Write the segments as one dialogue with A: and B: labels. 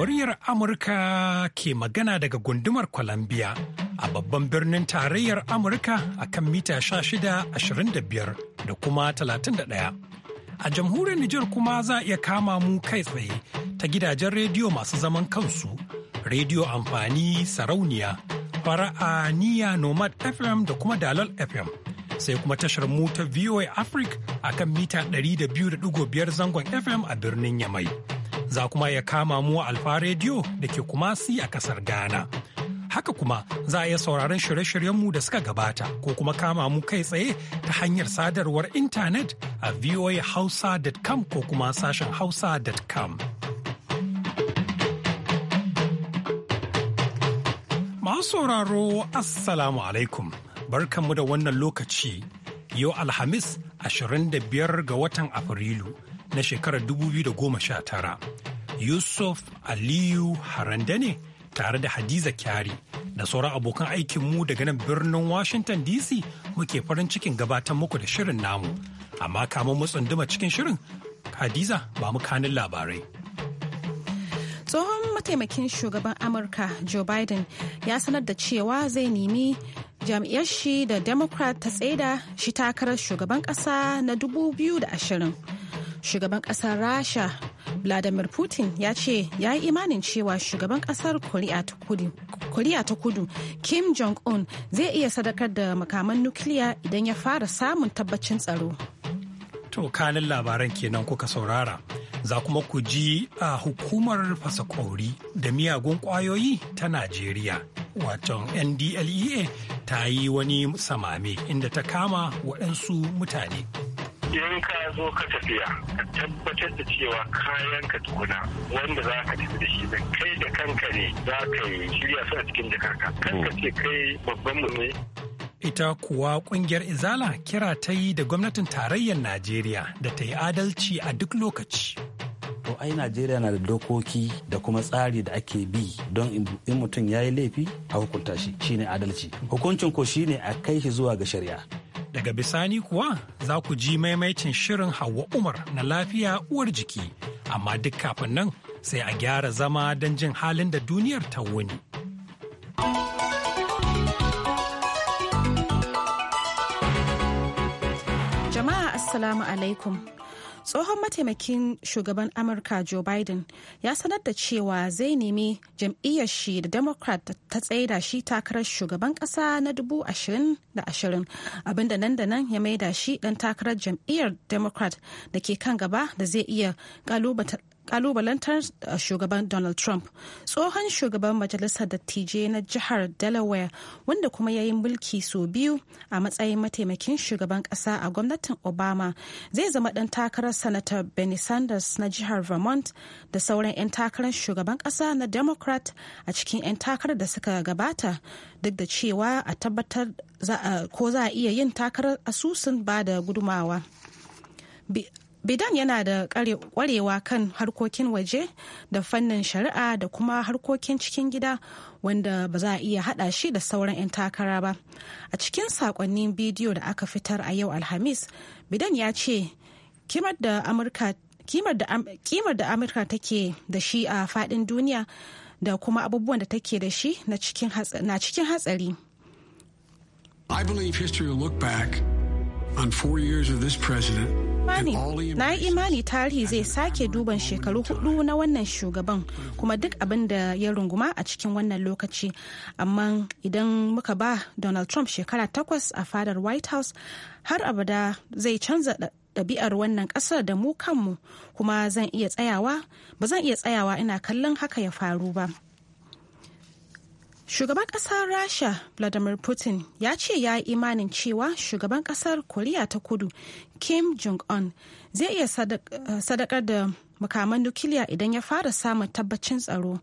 A: muryar Amurka ke magana daga gundumar Columbia a babban birnin tarayyar Amurka a kan mita 1625 da kuma 31. A jamhuriyar Nijar kuma za a iya kama mu kai tsaye ta gidajen rediyo masu zaman kansu, rediyo amfani sarauniya, fara'a niya nomad FM da kuma dalal FM. sai kuma tashar mu ta VOA Africa a kan mita 200.5 zangon FM a birnin Yamai. za kuma ya kama mu alfa rediyo da ke kumasi a kasar Ghana. Haka kuma za a iya sauraron shirye-shiryenmu da suka gabata ko kuma kama mu kai tsaye ta hanyar sadarwar intanet a voahausa.com ko kuma sashen hausa.com. Masu sauraro Assalamu alaikum, barkanmu da wannan lokaci yau Alhamis 25 ga watan Afrilu na shekarar 2019 yusuf aliyu harande ne tare da hadiza kyari da sauran abokan aikinmu daga nan birnin washington dc muke farin cikin gabatar muku da shirin namu amma kamar mu tsunduma cikin shirin hadiza ba mu kanin labarai
B: tsohon mataimakin shugaban amurka joe biden ya sanar da cewa zai nemi jam'iyyar shi da democrat ta tsaida shi takarar shugaban kasa na 2020 shugaban ƙasar rasha vladimir putin ya ce ya yi imanin cewa shugaban ƙasar koriya ta kudu kim jong-un zai iya sadakar da makaman nukiliya idan ya fara samun tabbacin tsaro
A: to kanin labaran kenan kuka saurara za kuma ku ji a hukumar fasa kwauri da miyagun kwayoyi ta najeriya wato ndlea ta yi wani samame inda ta kama waɗansu mutane in ka zo ka tafiya ka tabbatar da cewa kayan ka tukuna wanda za ka tafi da shi da kai da kanka ne za ka yi shirya su a cikin jakarka kan ce kai babban mu ne ita kuwa kungiyar izala kira ta yi da gwamnatin tarayyar najeriya da ta yi adalci a duk lokaci to ai
C: najeriya na da dokoki da kuma tsari da ake bi don in mutum ya yi laifi a hukunta shi shine adalci hukuncin ko shine a kai shi zuwa ga shari'a
A: Daga bisani kuwa za ku ji maimaicin shirin Hauwa Umar na lafiya uwar jiki, amma duk kafin nan sai a gyara zama don jin halin da duniyar ta wuni.
B: Jama'a Assalamu alaikum. tsohon mataimakin shugaban amurka joe biden ya sanar da cewa zai nemi jam'iyyar shi da democrat ta tsaida shi takarar shugaban kasa na 2020 abinda nan da nan ya maida shi dan takarar jam'iyyar democrat da ke kan gaba da zai iya kalubalantar uh, shugaban Donald Trump. Tsohon shugaban majalisar dattijai na jihar Delaware wanda kuma ya mulki sau biyu a matsayin mataimakin shugaban kasa a gwamnatin Obama zai zama ɗan takarar Sanatar Bernie Sanders na jihar Vermont da sauran 'yan takarar shugaban kasa na Democrat a cikin 'yan takarar da suka gabata duk da cewa a tabbatar uh, ko za a iya yin takarar asusun ba da gudumawa. bidan yana da kwarewa kan harkokin waje da fannin shari'a da kuma harkokin cikin gida wanda ba za a iya hada shi da sauran 'yan takara ba a cikin sakonnin bidiyo da aka fitar a yau alhamis bidan ya ce kimar da amurka take da shi a fadin duniya da kuma abubuwan da take da shi na cikin hatsari
C: I believe history will look back on
A: four years of this president
B: na yi imani tarihi zai sake duban shekaru hudu na wannan shugaban kuma duk abin da ya runguma a cikin wannan lokaci amma idan muka ba donald trump shekara takwas a fadar white house har abada zai canza ɗabi'ar wannan ƙasar da mu kanmu kuma zan iya tsayawa ba zan iya tsayawa ina kallon haka ya faru ba. Shugaban ƙasar Rasha Vladimir Putin ya ce ya yi imanin cewa shugaban ƙasar Koriya ta kudu Kim Jong-un zai iya eh, sadakar da makaman nukiliya idan ya fara samun tabbacin tsaro.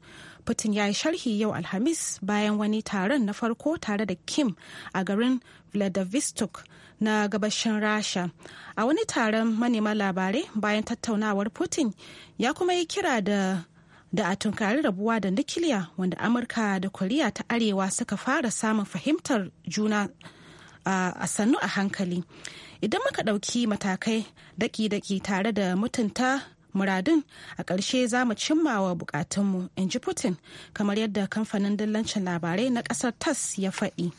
B: Putin ya yi sharhi yau Alhamis bayan wani taron na farko tare da Kim a garin Vladivostok na gabashin Rasha. A wani taron manema labarai bayan tattaunawar Putin ya kuma yi kira da da a tunkari rabuwa da nukiliya wanda amurka da koriya ta arewa suka fara samun fahimtar juna a sannu a hankali idan muka ɗauki matakai daki-daki tare da mutunta muradun a ƙarshe za mu cimma wa bukatunmu in ji putin kamar yadda kamfanin dillancin labarai na ƙasar tas ya faɗi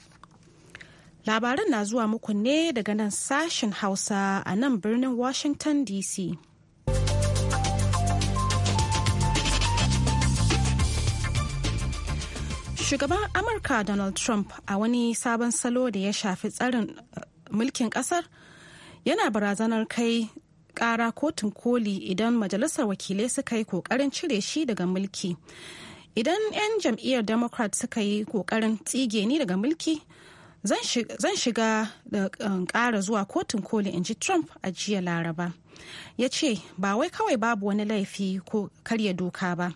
B: labaran na zuwa muku ne daga nan sashen hausa a nan birnin washington dc Shugaban Amurka Donald Trump a wani sabon salo da ya shafi tsarin uh, mulkin kasar yana barazanar kai kara kotun koli idan majalisar wakilai suka yi kokarin cire shi daga mulki. Idan 'yan jam'iyyar Democrat suka yi kokarin tsige ni daga mulki, zan shiga da kara um, zuwa kotun koli in ji Trump a jiya Laraba. ya ce ba wai kawai babu wani laifi ko karya doka ba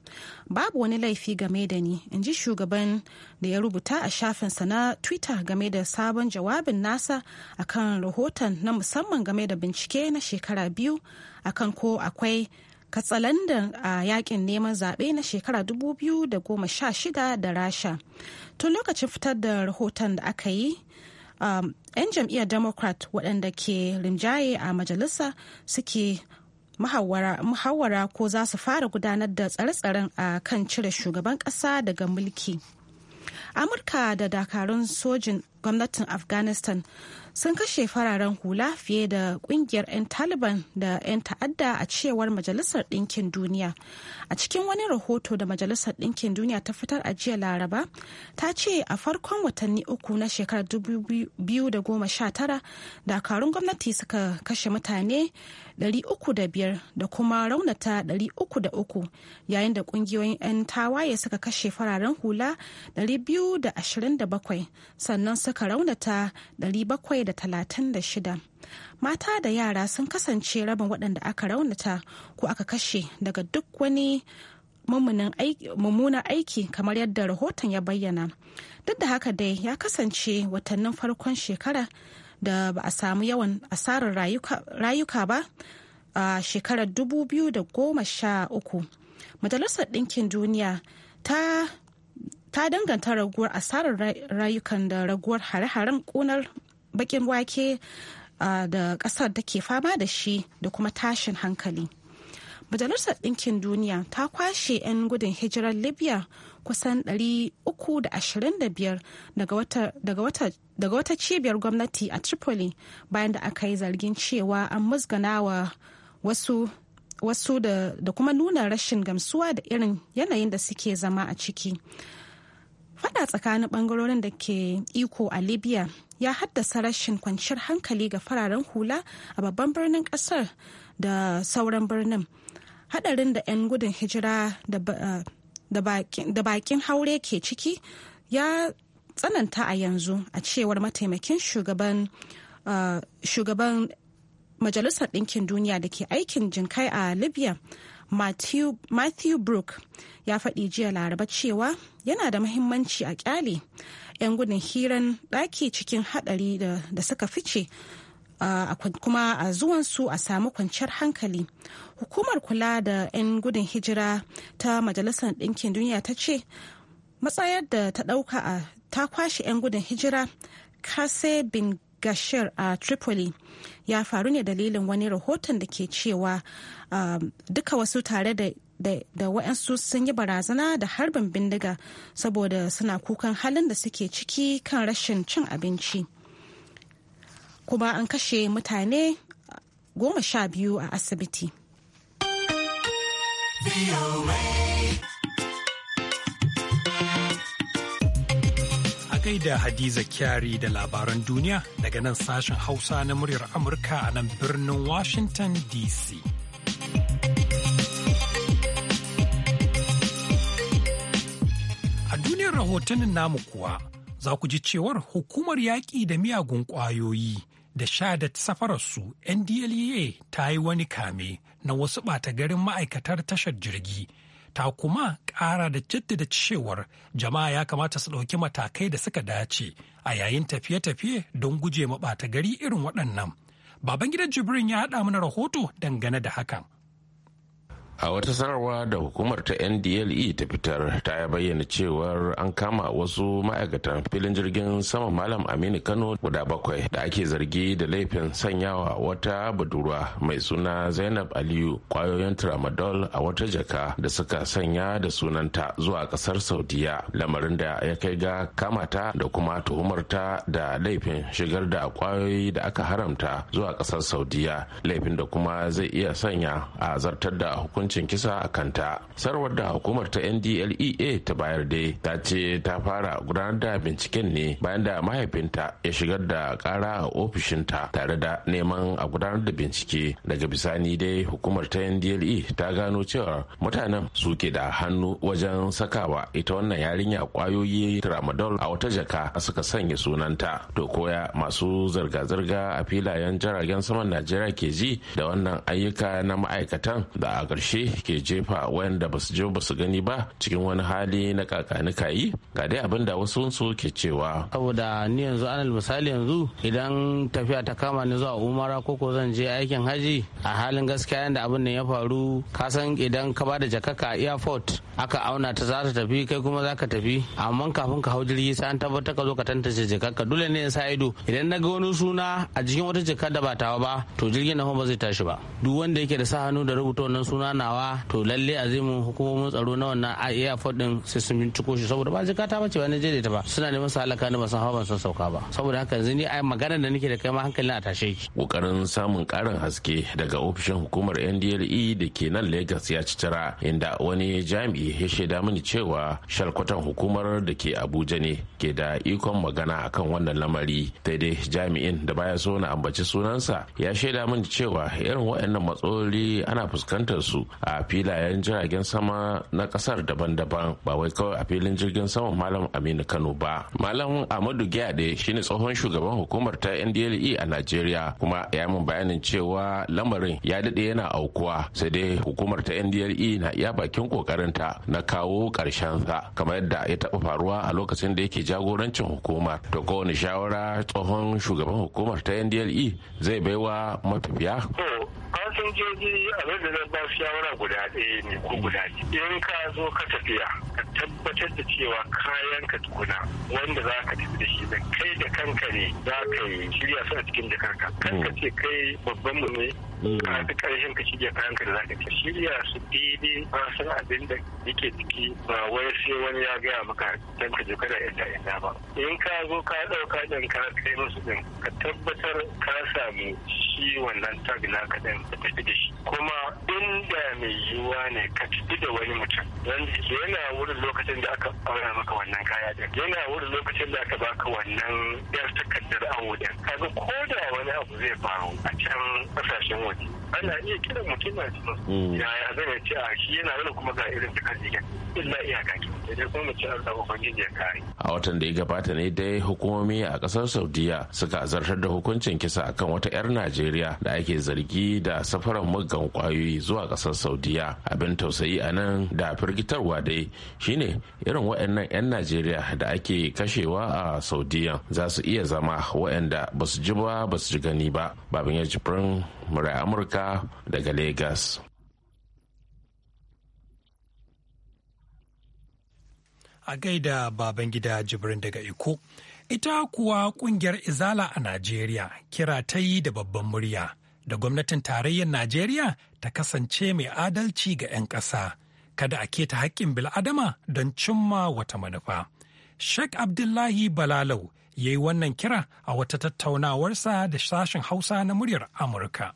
B: babu wani laifi game da ni in ji shugaban da ya rubuta a shafinsa na twitter game da sabon jawabin nasa akan rahoton na musamman game da bincike na shekara biyu akan ko akwai katsalandan a yakin neman zaɓe na shekara 2016 da rasha tun lokacin fitar da rahoton da aka yi um, 'yan jam'iyyar democrat waɗanda ke rinjaye a majalisa suke muhawara ko za su fara gudanar da tsare-tsaren a kan cire shugaban ƙasa daga mulki amurka da dakarun sojin gwamnatin afghanistan sun kashe fararen hula fiye da kungiyar 'yan taliban da 'yan ta'adda a cewar majalisar ɗinkin duniya a cikin wani rahoto da majalisar ɗinkin duniya ta fitar a jiya laraba ta ce a farkon watanni uku na shekarar 2019 dakarun gwamnati suka kashe mutane 305 da kuma raunata 303 yayin da kungiyoyin 'yan tawaye suka kashe fararen hula 227 sannan suka raunata 700 shida mata da yara sun kasance rabin waɗanda aka raunata ko aka kashe daga duk wani mummunan aiki kamar yadda rahoton ya bayyana duk da haka dai ya kasance watannin farkon shekara da ba a samu yawan asarar rayuka ba a shekarar 2013 majalisar ɗinkin duniya ta ta danganta raguwar asarar rayukan da raguwar hare-haren ƙunar bakin wake da kasar da ke fama da shi da kuma tashin hankali. Majalisar Ɗinkin Duniya ta kwashe 'yan gudun hijirar Libya kusan 325 daga wata cibiyar gwamnati a Tripoli bayan da aka yi zargin cewa an musganawa wasu wasu da, da kuma nuna rashin gamsuwa da irin yanayin da suke zama a ciki. Fada tsakanin bangarorin da ke iko a Libya ya haddasa rashin kwanciyar hankali ga fararen hula a babban birnin kasar da sauran birnin hadarin da 'yan gudun hijira da bakin eh, haure ke ciki ya tsananta a yanzu a cewar mataimakin shugaban eh, majalisar ɗinkin duniya da ke aikin jinkai a libya matthew, matthew brook ya faɗi jiya laraba cewa yana da mahimmanci a kyale 'yan gudun hiran ɗaki cikin haɗari da suka fice kuma a zuwansu a samu kwanciyar hankali hukumar kula da 'yan gudun hijira ta majalisar ɗinkin duniya ta ce matsayar da ta ɗauka a ta kwashe 'yan gudun hijira kase bin gashir a tripoli ya faru ne dalilin wani rahoton da ke cewa duka wasu tare da da waɗansu sun yi barazana da harbin bindiga saboda suna kukan halin da suke ciki kan rashin cin abinci kuma an kashe mutane goma sha biyu a asibiti
A: da Hadiza Kyari da labaran duniya daga nan sashen Hausa na muryar Amurka a nan birnin Washington DC. A duniyar rahotannin namu kuwa za ku ji cewar hukumar yaƙi da miyagun ƙwayoyi da sha da safararsu NDLEA ta yi wani kame na wasu ɓata garin ma'aikatar tashar jirgi. Ta kuma ƙara da jaddada cewar jama'a ya kamata su ɗauki matakai da suka dace a yayin tafiye-tafiye don guje ma ɓata gari irin waɗannan. Baban gidan Jibrin ya haɗa mana rahoto dangane da hakan.
D: a wata sanarwa da hukumar ta ndle ta fitar ta ya bayyana cewar an kama wasu ma'aikatan filin jirgin sama malam aminu kano guda bakwai da ake zargi da laifin sanyawa wata budurwa mai suna zainab aliyu kwayoyin tramadol a wata jaka da suka sanya da sunanta zuwa kasar saudiya lamarin da ya kai ga kamata da kuma tuhumarta da laifin shigar da kwayoyi da aka haramta zuwa kasar saudiya laifin da kuma zai iya sanya a zartar da hukunci hukuncin kisa a kanta sarwar da hukumar ta ndlea ta bayar dai ta ce ta fara gudanar da binciken ne bayan da mahaifinta ya shigar da kara a ofishinta tare da neman a gudanar da bincike daga bisani dai hukumar ta ndle ta gano cewa mutanen su ke da hannu wajen sakawa ita wannan yarinya kwayoyi tramadol a wata jaka suka sanya sunanta to koya masu zirga-zirga a filayen jiragen saman najeriya ke ji da wannan ayyuka na ma'aikatan da a ƙarshe ke jefa wanda ba su je ba su gani ba cikin wani hali na kakanikayi ga dai abin da wasu su ke cewa
C: saboda ni yanzu anal misali yanzu idan tafiya ta kama ni zuwa umara ko ko zan je aikin haji a halin gaskiya yanda abin nan ya faru ka san idan ka bada jakaka a airport aka auna ta za ta tafi kai kuma za ka tafi amma kafin ka hau jirgi sai an tabbatar ka zo ka tantance jakaka dole ne in sa ido idan na ga wani suna a jikin wata jaka da ba tawa ba to jirgin na ba zai tashi ba duk wanda yake da sa hannu da rubuta wannan suna tonawa to lalle a zai mu hukumomin tsaro na wannan a iya faɗin sai sun binciko shi saboda ba jikata bace ba ne je ta ba suna neman su halaka ni ba san hawa ban sauka ba saboda haka yanzu ni ai magana da nake da kai ma hankali na tashe ki
D: kokarin samun karin haske daga ofishin hukumar NDLE da ke nan Lagos ya ci tara inda wani jami'i ya shaida mini cewa shalkwatan hukumar da ke Abuja ne ke da ikon magana akan wannan lamari dai jami'in da baya so na ambaci sunansa ya shaida mini cewa irin waɗannan matsaloli ana fuskantar su a filayen jiragen sama na kasar daban-daban ba wai kawai a filin jirgin sama malam aminu kano ba malam amadu gyade shine tsohon shugaban hukumar ta ndle a najeriya kuma ya min bayanin cewa lamarin ya daɗe yana aukuwa sai dai hukumar ta ndle na iya bakin kokarinta na kawo ƙarshen sa kamar yadda ya taɓa faruwa a lokacin da yake jagorancin hukumar to kowane shawara tsohon shugaban hukumar ta ndle zai baiwa matafiya sojoji abin da zan ba su shawara guda ɗaya ne ko guda in ka zo ka tafiya ka
A: tabbatar da cewa kayan ka tukuna wanda za ka tafi da shi da kai da kanka ne za ka yi shirya su a cikin jakarka kanka ce kai babban mu ne mm. ka fi karshen ka shirya kayan ka da za ka tafi shirya su daidai ba san abin da yake ciki ba wai sai wani ya gaya maka don ka je kada inda inda ba in ka zo ka ɗauka ɗin ka kai musu ɗin ka tabbatar ka samu shi wannan tag na kaɗan ka tafi da shi kuma inda mai yiwuwa ne ka tafi da
C: wani mutum don yana wurin lokacin da aka aura maka wannan kaya din yana wurin lokacin da
A: aka baka wannan yar takardar awo din kaga ko da wani abu zai faru a can kasashen waje ana iya kiran mutum na cikin hmm. yaya zan yi ce a shi yana wani kuma ga irin duka jikin illa iyaka ke idan kuma mace zaɓa ubangiji ya kare
D: a watan da ya gabata ne dai hukumomi a ƙasar Saudiya suka zartar da hukuncin kisa akan wata yar Najeriya da ake zargi da safarar muggan kwayoyi zuwa ƙasar Saudiya abin tausayi a nan da firgitarwa dai shine irin wa'annan 'yan Najeriya da ake kashewa a Saudiya za su iya zama wa'anda ba su ji ba ba su ji gani ba babin ya jibrin murai Amurka amurka daga lagos
A: a gaida babangida jibrin daga iko ita kuwa kungiyar izala a najeriya kira ta yi da babban murya da gwamnatin tarayyar najeriya ta kasance mai adalci ga 'yan ƙasa kada a keta haƙƙin bil'adama don cimma wata manufa sheikh abdullahi balalau ya yi wannan kira a wata tattaunawarsa da sashen hausa na muryar amurka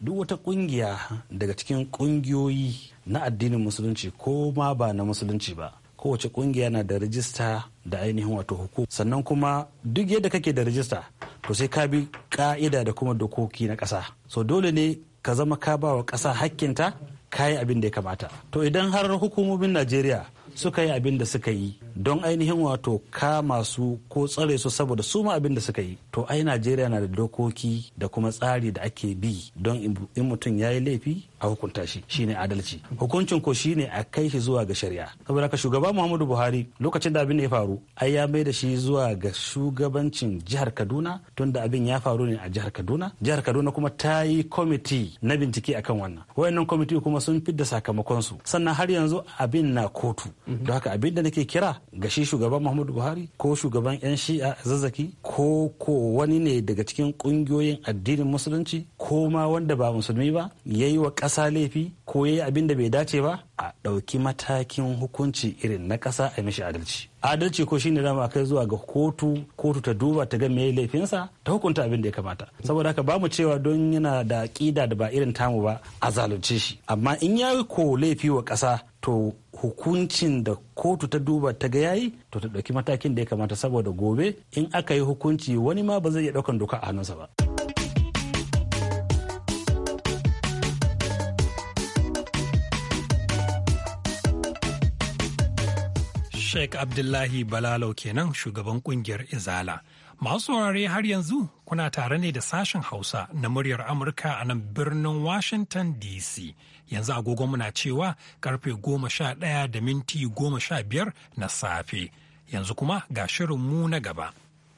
C: duk wata kungiya daga cikin kungiyoyi na addinin musulunci ko ma ba na musulunci ba kowace kungiya na da rijista da ainihin wato hukum sannan kuma duk yadda kake da rijista to sai ka bi ka'ida da kuma dokoki na ƙasa so dole ne ka zama ka ba wa ƙasa hakkinta ka yi abin da ya kamata to idan har hukumomin najeriya suka yi abin da suka yi don ainihin wato ka masu ko tsare su saboda su ma abin da suka yi to ai najeriya na da dokoki da kuma tsari da ake bi don in mutum ya yi laifi a hukunta shi shine adalci hukuncin ko shine a kai shi zuwa ga shari'a saboda ka shugaba muhammadu buhari lokacin da abin ya faru ai ya mai da shi zuwa ga shugabancin jihar kaduna tunda abin ya faru ne a jihar kaduna jihar kaduna kuma ta yi kwamiti na bincike akan wannan wayannan kwamiti kuma sun fidda su. sannan har yanzu abin na kotu don haka abin da nake kira ga shi shugaban muhammadu buhari ko shugaban 'yan shi'a zazzaki ko ko wani ne daga cikin kungiyoyin addinin musulunci ko ma wanda ba musulmi ba ya yi wa ƙasa laifi ko ya yi abin da bai dace ba a ɗauki matakin hukunci irin na ƙasa a mishi adalci adalci ko shine dama kai zuwa ga kotu kotu ta duba ta ga meye laifinsa ta hukunta abin da ya kamata saboda haka bamu cewa don yana da ƙida da ba irin tamu ba a zalunce shi amma in ya ko laifi wa ƙasa to hukuncin da kotu ta duba ta ga yayi to ta ɗauki matakin da ya kamata saboda gobe in aka yi hukunci wani ma ba zai iya ɗaukan doka a hannunsa ba.
A: Sheikh Abdullahi Balalo kenan shugaban kungiyar Izala. Masu wurare har yanzu kuna tare ne da sashen Hausa na muryar Amurka a nan birnin Washington DC. yanzu agogon muna cewa karfe goma sha ɗaya da minti goma sha biyar na safe yanzu kuma ga shirin mu na gaba.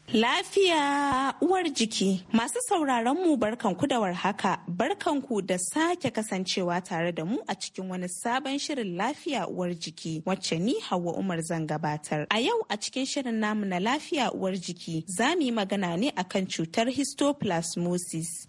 E: Lafiya uwar jiki masu sauraron mu barkanku da warhaka barkanku da sake kasancewa tare da mu a cikin wani sabon shirin lafiya uwar jiki wacce ni hawa Umar zan gabatar. A yau a cikin shirin namu na lafiya uwar jiki za mu yi magana ne akan cutar histoplasmosis.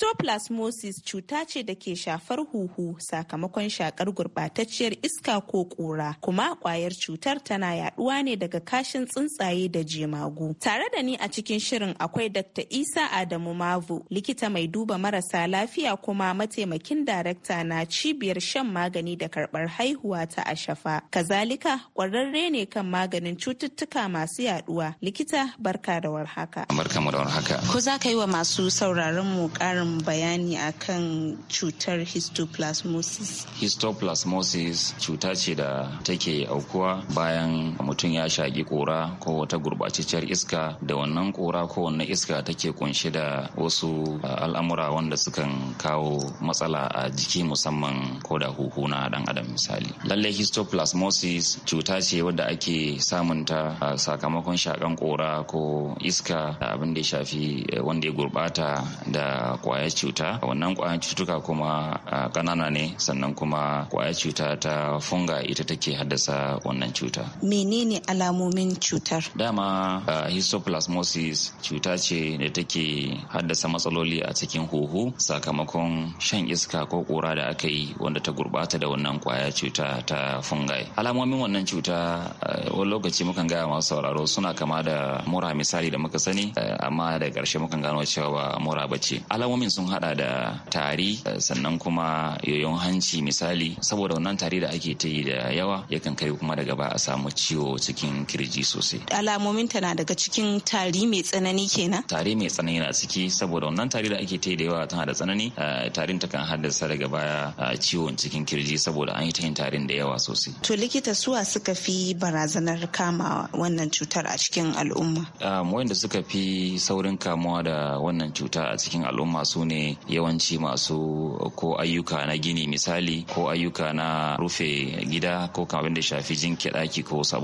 E: Histoplasmosis cuta ce da ke shafar huhu sakamakon shakar gurbatacciyar iska ko kura, kuma kwayar cutar tana yaduwa ne daga kashin tsuntsaye da jemagu. Tare da ni a cikin shirin akwai Dr. Isa Adamu Mavu, likita mai duba marasa lafiya kuma mataimakin darakta na cibiyar shan magani da karbar haihuwa ta Ashafa. Kazalika, kwararre ne kan maganin cututtuka masu yaduwa. Likita barka da warhaka.
F: Barka da warhaka.
E: Ko za ka yi wa masu sauraron mu karin um, bayani akan cutar histoplasmosis
F: histoplasmosis cuta ce da take aukuwa bayan mutum ya shaƙi ƙura ko wata gurɓatacciyar iska da wannan ƙura ko wannan iska take kunshe da wasu al'amura wanda sukan kawo matsala a jiki musamman ko da huhu na ɗan adam misali lallai histoplasmosis cuta ce wadda ake samunta a sakamakon shaƙan ƙura ko iska abin da ya shafi eh, wanda ya gurɓata da ƙwayar kwayar cuta wannan kwayar cututtuka kuma kanana ne sannan kuma kwayar cuta ta funga ita take haddasa wannan cuta
E: menene alamomin cutar
F: dama histoplasmosis cuta ce da take haddasa matsaloli a cikin huhu sakamakon shan iska ko kura da aka yi wanda ta gurbata da wannan kwaya cuta ta fungai alamomin wannan cuta wani lokaci mukan gaya masu sauraro suna kama da mura misali da muka sani amma da ƙarshe mukan gano cewa mura bace alamomin sun hada da tari eh, sannan kuma yoyon hanci misali saboda wannan tari da ake ta yi da yawa yakan kai kuma daga ba a samu ciwo cikin kirji sosai
E: alamomin ta na daga cikin tari mai tsanani kenan
F: tari mai tsanani na ciki saboda wannan tari da ake ta yi da yawa tana da tsanani eh, tarin ta kan haddasa daga baya eh, ciwon cikin kirji saboda an yi ta yin tarin da yawa sosai
E: to likita suwa suka fi barazanar kama wannan cutar a cikin al'umma
F: um, wanda suka fi saurin kamuwa da wannan cuta a cikin al'umma su ne yawanci masu ko ayyuka na gini misali ko ayyuka na rufe gida ko kamar abin da shafi jin daki ko wasu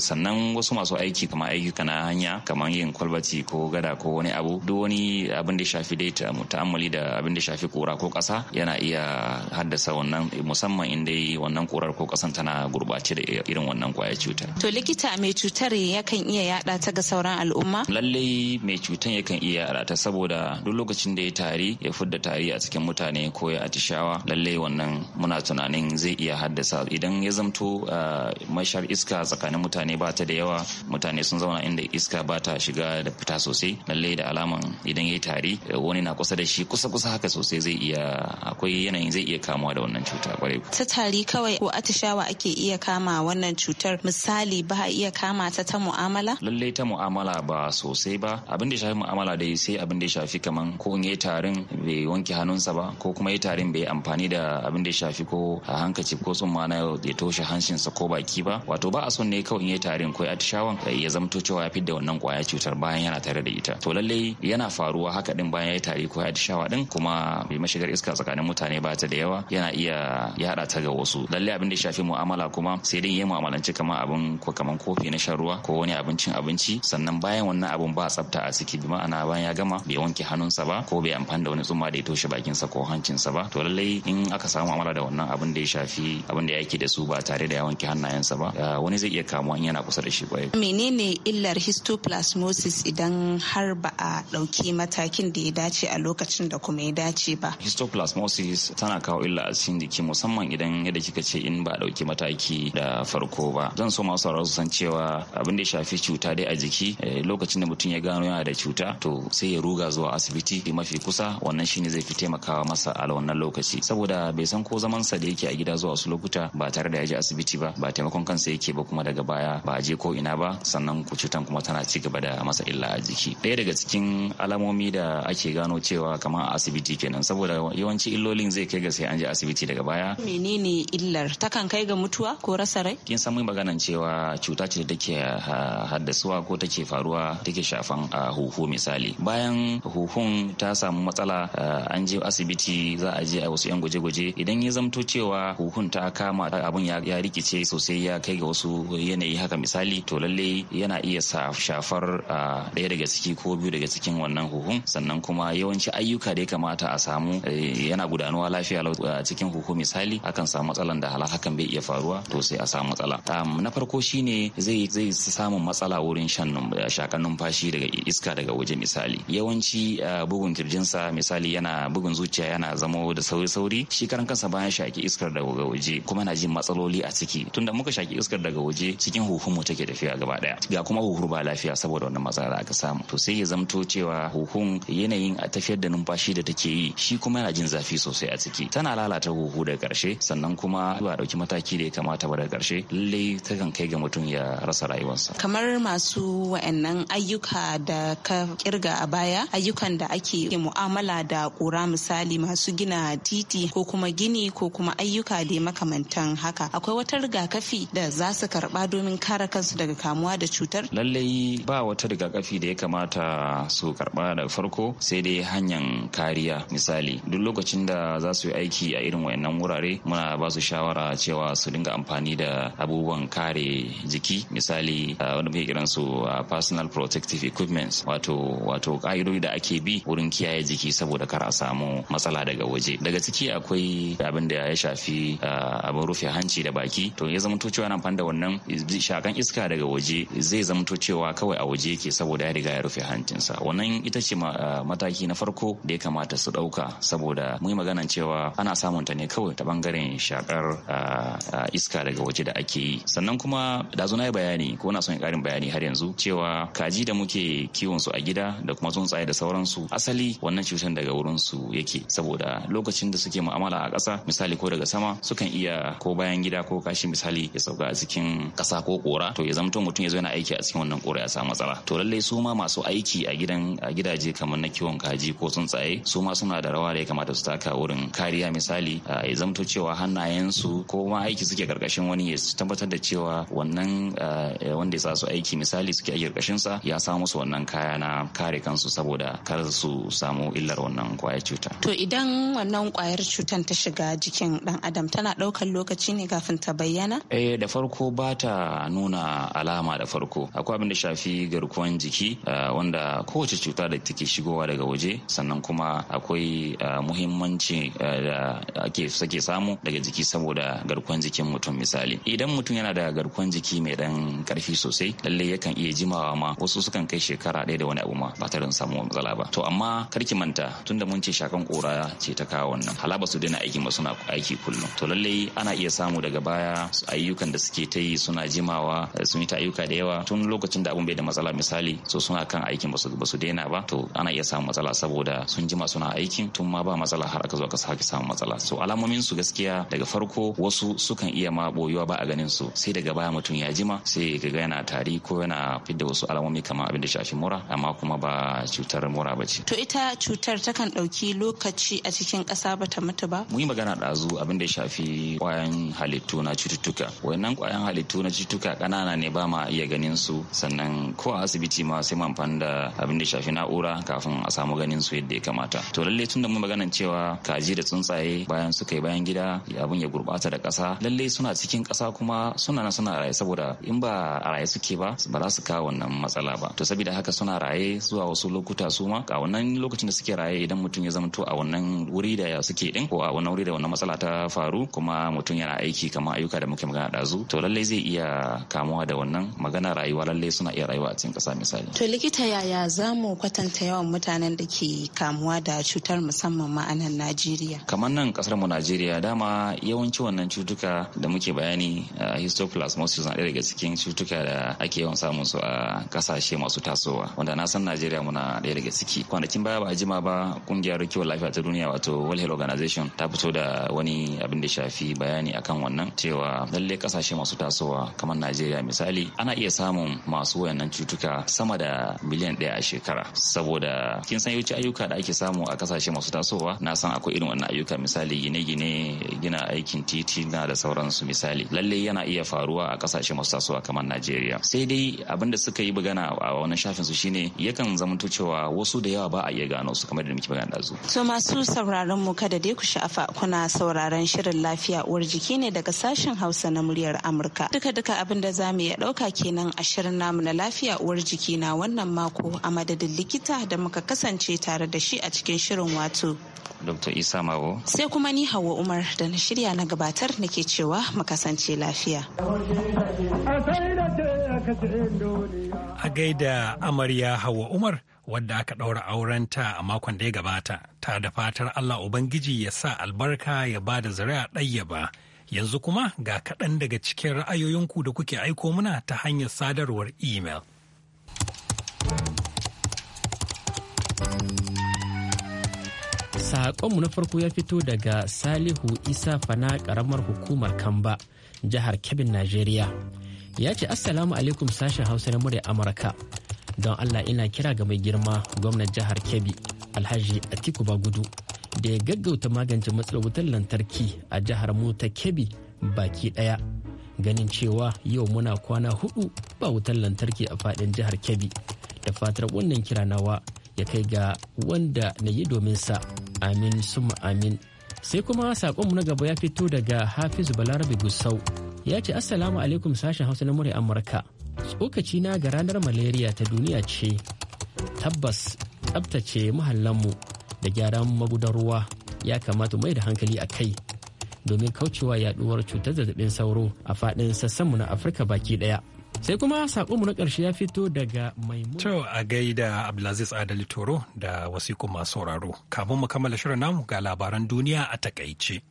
F: sannan wasu masu aiki kamar ayyuka na hanya kamar yin kwalbati ko gada ko wani abu duk wani abin da shafi dai ta'ammali da abin da shafi kura ko kasa yana iya haddasa wannan musamman in dai wannan kurar ko kasan tana gurbace da irin wannan kwaya cuta.
E: to likita mai cutar yakan iya yada ta ga sauran al'umma
F: lallai mai cutar yakan iya yada ta saboda duk lokacin da yi tari ya fudda tari a cikin mutane ko ya atishawa lallai wannan muna tunanin zai iya haddasa idan ya zamto ah, mashar iska tsakanin mutane ba ta da yawa mutane sun zauna inda iska ba ta shiga da fita sosai lallai da alaman idan ya tari wani na kusa da shi kusa kusa haka sosai zai iya akwai yanayin zai iya kamuwa da wannan cuta kwarai
E: ta tari kawai ko atishawa ake iya kama wannan cutar misali ba iya kama ta ta mu'amala
F: lallai ta mu'amala ba sosai ba abin da ya shafi mu'amala da sai abin da ya shafi kaman ko in ya tarin bai wanke hannunsa ba ko kuma yi tarin bai amfani da abin da ya shafi ko a hankaci ko tsumma na ya toshe hanshinsa ko baki ba wato ba a son ne kawai in yi tarin ko atishawan ya zamto cewa ya fidda wannan kwaya cutar bayan yana tare da ita to lallai yana faruwa haka din bayan ya tari ko atishawa din kuma bai mashigar iska tsakanin mutane ba ta da yawa yana iya yada ta ga wasu lallai abin da ya shafi mu'amala kuma sai dai ya mu'amalanci kamar abin ko kamar kofi na shan ruwa ko wani abincin abinci sannan bayan wannan abin ba tsafta a ciki bi ma'ana bayan ya gama bai wanke hannunsa ba ko bai amfani da wani tsumma da ya toshe bakinsa ko hancinsa ba to lallai in aka samu amala da wannan abin da ya shafi abin da yake da su ba tare da yawan wanke hannayensa ba eh, wani zai iya kamuwa in yana kusa da shi kwaye.
E: menene illar histoplasmosis idan har ba a dauki matakin da ya dace a lokacin da kuma ya dace ba
F: histoplasmosis tana kawo illa a cikin jiki musamman idan yadda kika ce in ba a dauki mataki da farko ba zan so masu sauraro su san cewa abin da ya shafi cuta dai a jiki eh, lokacin da mutum ya gano yana da cuta to sai ya ruga zuwa asibiti mafi kusa wannan shine zai fi taimakawa masa a wannan lokaci saboda bai san ko zaman sa da yake a gida zuwa wasu lokuta ba tare da ya je asibiti ba ba taimakon kansa yake ba kuma daga baya ba a je ko ina ba sannan ku cutan kuma tana ci gaba da masa illa a jiki ɗaya daga cikin alamomi da ake gano cewa kamar a asibiti kenan saboda yawanci illolin zai kai ga sai an je asibiti daga baya
E: menene illar takan kai ga mutuwa ko rasa rai
F: kin san mun maganan cewa cuta ce da take haddasuwa ko take faruwa take shafan a huhu misali bayan huhun ta sa. samu matsala eh, an je asibiti za a je a wasu yan gwaje-gwaje idan ya zamto cewa huhun ta kama abun ya rikice sosai ya kai ga wasu yanayi haka misali to lalle yana iya shafar daya eh, daga ciki ko biyu daga cikin wannan huhun sannan kuma yawanci ayyuka da ya kamata a samu eh, yana gudanuwa lafiya a cikin huhu misali akan samu matsalan da hakan bai iya faruwa to sai a samu matsala na farko shine zai zai samu matsala wurin shan shakan numfashi daga iska daga waje misali yawanci bugun kirjin jikinsa misali yana bugun zuciya yana zamo da sauri-sauri shi karan kansa bayan shaki iskar daga waje kuma na jin matsaloli a ciki tunda muka shaki iskar daga waje cikin huhun mu take tafiya gaba daya ga kuma huhur ba lafiya saboda wannan matsala da aka samu to sai ya zamto cewa huhun yanayin a tafiyar da numfashi da take yi shi kuma yana jin zafi sosai a ciki tana lalata huhu da karshe sannan kuma ba dauki mataki da ya kamata ba da karshe lallai kan kai ga mutum ya rasa rayuwarsa
E: kamar masu wa'annan ayyuka da ka kirga a baya ayyukan da ake mu'amala da ƙura misali masu gina titi ko kuma gini ko kuma ayyuka da makamantan haka akwai wata rigakafi da za su karba domin kare kansu daga kamuwa da cutar
F: lallai ba wata rigakafi da ya kamata su karɓa da farko sai dai hanyar kariya misali duk lokacin da za su yi aiki a irin wayannan wurare muna ba su shawara cewa su dinga amfani da abubuwan kare jiki misali wanda muke kiran su personal protective equipments wato wato ka'idodi da ake bi wurin kiyaye ya jiki saboda kar a samu matsala daga waje daga ciki akwai abin da ya shafi ah, abin rufe hanci da baki to ya zamanto cewa nan fanda wannan shakan iska daga waje zai zamanto cewa kawai a waje yake saboda ya riga ya rufe hancinsa wannan ita ce ah, mataki na farko da ya kamata su ɗauka saboda mu maganan cewa ana samun ta ne kawai ta bangaren shakar ah, iska daga waje da ake yi sannan kuma da zo yi bayani ko na son karin bayani har yanzu cewa kaji da muke kiwon su a gida da kuma tsuntsaye da sauransu asali wannan cutar daga wurin su yake saboda lokacin da suke mu'amala a ƙasa misali ko daga sama sukan iya ko bayan gida ko kashi misali ya sauka a cikin ƙasa ko ƙora to ya zama mutum ya zo yana aiki a cikin wannan ƙora ya samu matsala to lallai su ma masu aiki a gidan a gidaje kamar na kiwon kaji ko tsuntsaye su ma suna da rawa da ya kamata su taka wurin kariya misali ya zamto cewa hannayensu ko ma aiki suke karkashin wani ya tabbatar da cewa wannan wanda ya sa su aiki misali suke aiki karkashin sa ya samu musu wannan kaya na kare kansu saboda kar su sa samu illar wannan kwayar cuta to
E: idan wannan kwayar cutar ta shiga jikin dan adam tana ɗaukar lokaci ne kafin ta bayyana
F: eh da farko ba ta nuna alama da farko akwai abin da shafi garkuwan jiki eh, wanda kowace cuta da take shigowa daga waje sannan kuma akwai eh, muhimmanci eh, da ake sake samu daga jiki saboda garkuwan jikin mutum misali idan mutum yana da garkuwan jiki mai dan karfi sosai lalle yakan iya jimawa ma wasu sukan kai shekara ɗaya da wani abu ma ba ta samu matsala ba to amma karki manta tunda mun ce shakan kora ce ta kawo wannan hala su daina aiki ba suna aiki kullum to lallai ana iya samu daga baya ayyukan da suke ta yi suna jimawa eh, sun yi ta ayyuka da yawa tun lokacin da abun bai da matsala misali so suna kan aiki ba su daina ba to ana iya samu matsala saboda sun jima suna aikin tun ma ba matsala har aka zo aka sake samu matsala so alamomin su gaskiya daga farko wasu sukan iya ma boyuwa ba a ganin su sai daga baya mutum ya jima sai ga yana tari ko yana fidda wasu alamomi kamar abin da shafi mura amma kuma ba cutar mura ba ce to
E: ita ita cutar takan ɗauki lokaci a cikin ƙasa ba ta mutu ba?
F: Mun yi magana ɗazu abin da ya shafi ƙwayan halittu na cututtuka. Wannan kwayan halittu na cututtuka ƙanana ne ba ma iya ganin su sannan ko a asibiti ma sai amfani da abin da shafi na'ura kafin a samu ganin su yadda ya kamata. To lalle tun da mun magana cewa kaji da tsuntsaye bayan suka yi bayan gida abin ya gurɓata da ƙasa lalle suna cikin ƙasa kuma suna na suna raye saboda in ba a raye suke ba ba za su kawo wannan matsala ba. To saboda haka suna raye zuwa wasu lokuta su ma a wannan lokacin lokacin da suke raye idan mutum ya zamanto a wannan wuri da suke din ko a wannan wuri da wannan matsala ta faru kuma mutum yana aiki kamar ayyuka da muke magana ɗazu to lallai zai iya kamuwa da wannan magana rayuwa lallai suna iya rayuwa a cikin kasa misali.
E: To likita yaya za mu kwatanta yawan mutanen da ke kamuwa da cutar musamman ma a nan Najeriya?
F: Kamar nan kasar mu Najeriya dama yawanci wannan cutuka da muke bayani histoplasmosis na daga cikin cutuka da ake yawan samun su a ƙasashe masu tasowa wanda na san Najeriya muna daya daga ciki kwanakin baya ba ba a jima ba kungiyar kiwon lafiya ta duniya wato World Health Organization ta fito da wani abin da shafi bayani akan wannan cewa lalle kasashe masu tasowa kamar Najeriya misali ana iya samun masu wayannan cutuka sama da miliyan ɗaya a shekara saboda kin san yawanci ayyuka da ake samu a kasashe masu tasowa na san akwai irin wannan ayyuka misali gine-gine gina aikin titi na da sauransu misali lalle yana iya faruwa a kasashe masu tasowa kamar Najeriya sai dai abin da suka yi bugana a wannan shafin su shine yakan zamanto cewa wasu da yawa ba a iya gano su kamar da muke magana su.
E: To masu sauraron mu kada dai ku sha'afa kuna sauraron shirin lafiya uwar jiki ne daga sashen Hausa na muryar Amurka. Duka duka abin da zamu iya dauka kenan a shirin namu na lafiya uwar jiki na wannan mako a madadin likita da muka kasance tare da shi a cikin shirin wato
F: Dr. Isa Mawo.
E: Sai kuma ni Hauwa Umar da na shirya na gabatar nake cewa makasance lafiya.
A: A gaida amarya Hauwa Umar wadda aka ɗaura aurenta a makon da ya gabata, ta da fatar Allah Ubangiji ya sa albarka ya ba da zuri'a ɗayyaba. Yanzu kuma ga kaɗan daga cikin ra'ayoyinku da kuke aiko muna ta hanyar sadarwar email.
G: Saƙonmu na farko ya fito daga Salihu Isa Fana karamar hukumar Kamba, jihar Kebin, Najeriya. Ya ce Assalamu alaikum sashen Hausa na murya Amurka. Don Allah ina kira ga mai girma gwamnan jihar Kebbi, Alhaji Atiku Bagudu, da ya gaggauta magance matsalar wutar lantarki a jihar mu ta Kebbi baki ɗaya. Ganin cewa yau muna kwana hudu ba wutar lantarki a faɗin jihar Kebbi. Da fatar wannan kira nawa ya kai ga wanda na yi domin sa amin suma amin sai kuma saƙonmu na gaba ya fito daga hafizu balarabe gusau ya ce assalamu alaikum sashen hausa na murya amurka tsokaci na ga ranar malaria ta duniya ce tabbas tsabtace muhallanmu da gyaran magudan ruwa ya kamata mai da hankali a kai domin kaucewa yaduwar cutar zazzabin sauro a faɗin sassanmu na afirka baki ɗaya sai kuma saƙo mu na ƙarshe ya fito daga mai
A: to a gaida abdulaziz adali toro da wasiƙu masu sauraro kafin mu kammala shirin namu ga labaran duniya a takaice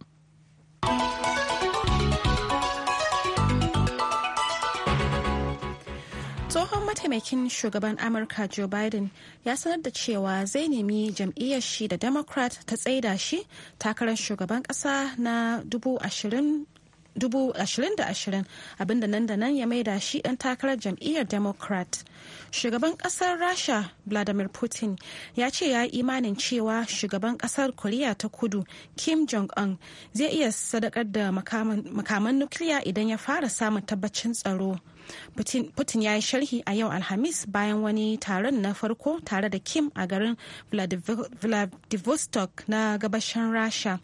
B: tsohon mataimakin shugaban amurka joe biden ya sanar da cewa zai nemi jam'iyyar shi da democrat ta tsaida shi takarar shugaban kasa na 2020 2020 abinda nan da nan ya maida shi ɗan takarar jam'iyyar democrat shugaban ƙasar rasha vladimir putin ya ce ya yi imanin cewa shugaban ƙasar koriya ta kudu kim jong-un zai iya sadakar da makaman nukiliya idan ya fara samun tabbacin tsaro Putin ya yi sharhi a yau Alhamis bayan wani taron na farko tare da Kim a garin Vladivostok na gabashin Rasha.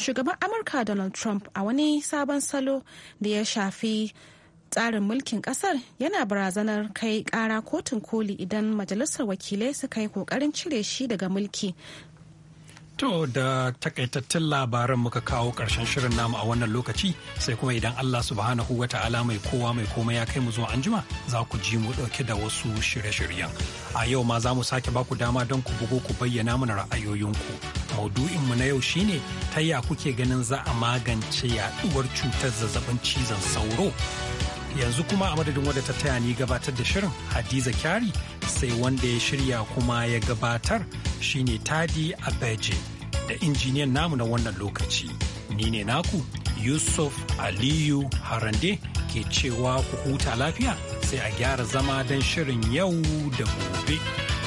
B: shugaban amurka donald trump a wani sabon salo da ya shafi tsarin mulkin kasar yana barazanar kai kara kotun koli idan majalisar wakilai suka yi kokarin cire shi daga mulki
A: To da takaitattun labaran muka kawo ƙarshen shirin namu a wannan lokaci sai kuma idan Allah subhanahu wa ta'ala mai kowa mai komai ya kai mu zuwa anjima za ku ji mu ɗauke da wasu shirye-shiryen. A yau ma za mu sake baku dama don ku bugo ku bayyana mana ra'ayoyinku. Maudu'in mu na yau shine ta ya kuke ganin za a magance yaɗuwar cutar zazzabin cizon sauro. yanzu kuma a madadin wadda ta taya ni gabatar da shirin hadiza kyari sai wanda ya shirya kuma ya gabatar shine tadi a abeje da injiniyan namu na wannan lokaci ni ne naku yusuf aliyu harande ke cewa ku huta lafiya sai a gyara zama don shirin yau da gobe.